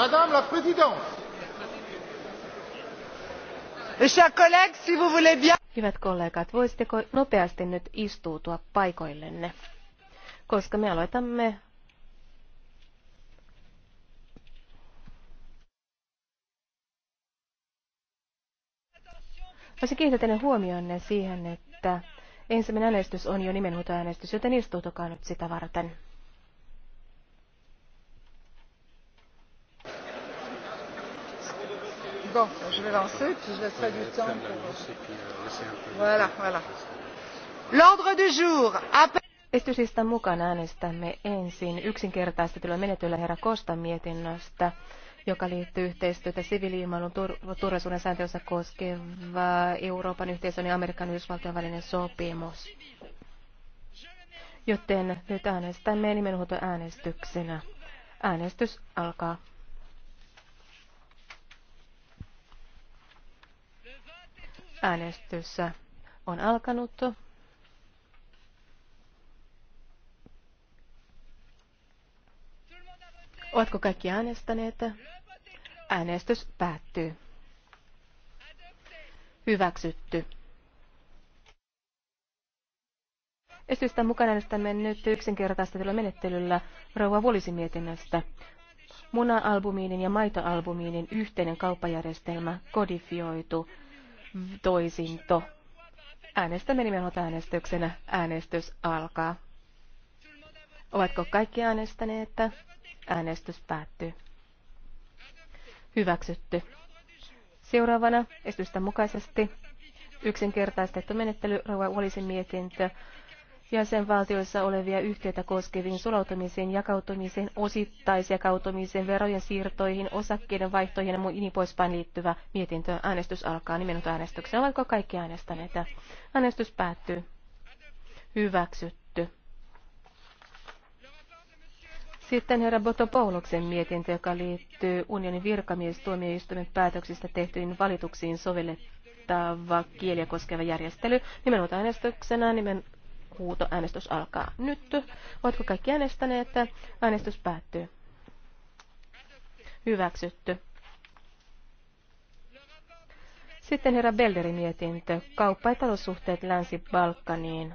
Madame la Présidente. Hyvät kollegat, voisitteko nopeasti nyt istuutua paikoillenne, koska me aloitamme Olisin kiinnittää teidän huomionne siihen, että ensimmäinen äänestys on jo nimenhuutoäänestys, joten istuutukaa nyt sitä varten. Bon, je vais lancer, puis je laisserai du temps pour... Voilà, voilà. L'ordre du jour. Esityslistan mukaan äänestämme ensin yksinkertaistetulla menetyllä herra Kosta mietinnöstä, joka liittyy yhteistyötä siviiliilmailun tur- turvallisuuden sääntelyssä koskeva Euroopan yhteisön ja Amerikan Yhdysvaltojen välinen sopimus. Joten nyt äänestämme nimenhuutoäänestyksenä. Äänestys alkaa. Äänestys on alkanut. Oletko kaikki äänestäneet? Äänestys päättyy. Hyväksytty. Esitystä mukana äänestämme nyt yksinkertaistetulla menettelyllä Rauha Vuolisin mietinnöstä. Muna-albumiinin ja maitoalbumiinin yhteinen kauppajärjestelmä kodifioitu toisinto. Äänestämme nimenomaan äänestyksenä. Äänestys alkaa. Ovatko kaikki äänestäneet? Äänestys päättyy. Hyväksytty. Seuraavana esitystä mukaisesti yksinkertaistettu menettely Rauha olisi mietintö jäsenvaltioissa olevia yhtiöitä koskeviin sulautumiseen, jakautumiseen, osittaisjakautumiseen, verojen siirtoihin, osakkeiden vaihtoihin ja niin poispäin liittyvä mietintö. Äänestys alkaa nimenut äänestyksen. Ovatko kaikki äänestäneet? Äänestys päättyy. Hyväksytty. Sitten herra Botopouloksen mietintö, joka liittyy unionin virkamiestuomioistuimen päätöksistä tehtyihin valituksiin sovellettava kieliä koskeva järjestely. Nimenomaan äänestyksenä nimen huuto. Äänestys alkaa nyt. Oletko kaikki äänestäneet? Äänestys päättyy. Hyväksytty. Sitten herra Belderin mietintö. Kauppa- ja taloussuhteet Länsi-Balkaniin.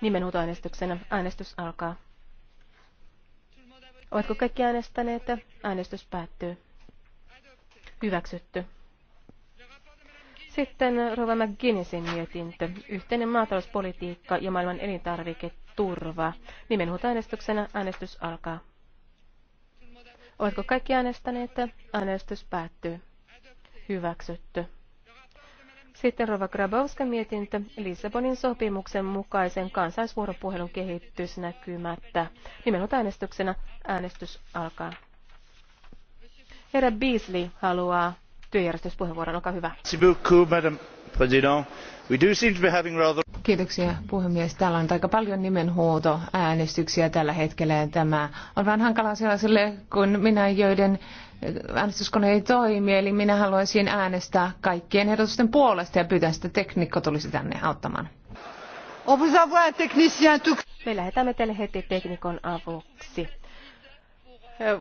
Nimenhuutoäänestyksenä äänestys alkaa. Oletko kaikki äänestäneet? Äänestys päättyy. Hyväksytty. Sitten Rova McGinnisin mietintö. Yhteinen maatalouspolitiikka ja maailman elintarviketurva. äänestyksenä äänestys alkaa. Oletko kaikki äänestäneet? Äänestys päättyy. Hyväksytty. Sitten Rova Grabowska mietintö Lissabonin sopimuksen mukaisen kansaisvuoropuhelun kehitys näkymättä. Nimenhuuta äänestyksenä äänestys alkaa. Herra Beasley haluaa työjärjestyspuheenvuoron. Olkaa hyvä. Kiitoksia puhemies. Täällä on aika paljon nimenhuuto äänestyksiä tällä hetkellä. Tämä on vähän hankalaa sellaiselle kuin minä, joiden äänestyskone ei toimi. Eli minä haluaisin äänestää kaikkien ehdotusten puolesta ja pyytän, että teknikko tulisi tänne auttamaan. Me lähetämme teille heti teknikon avuksi.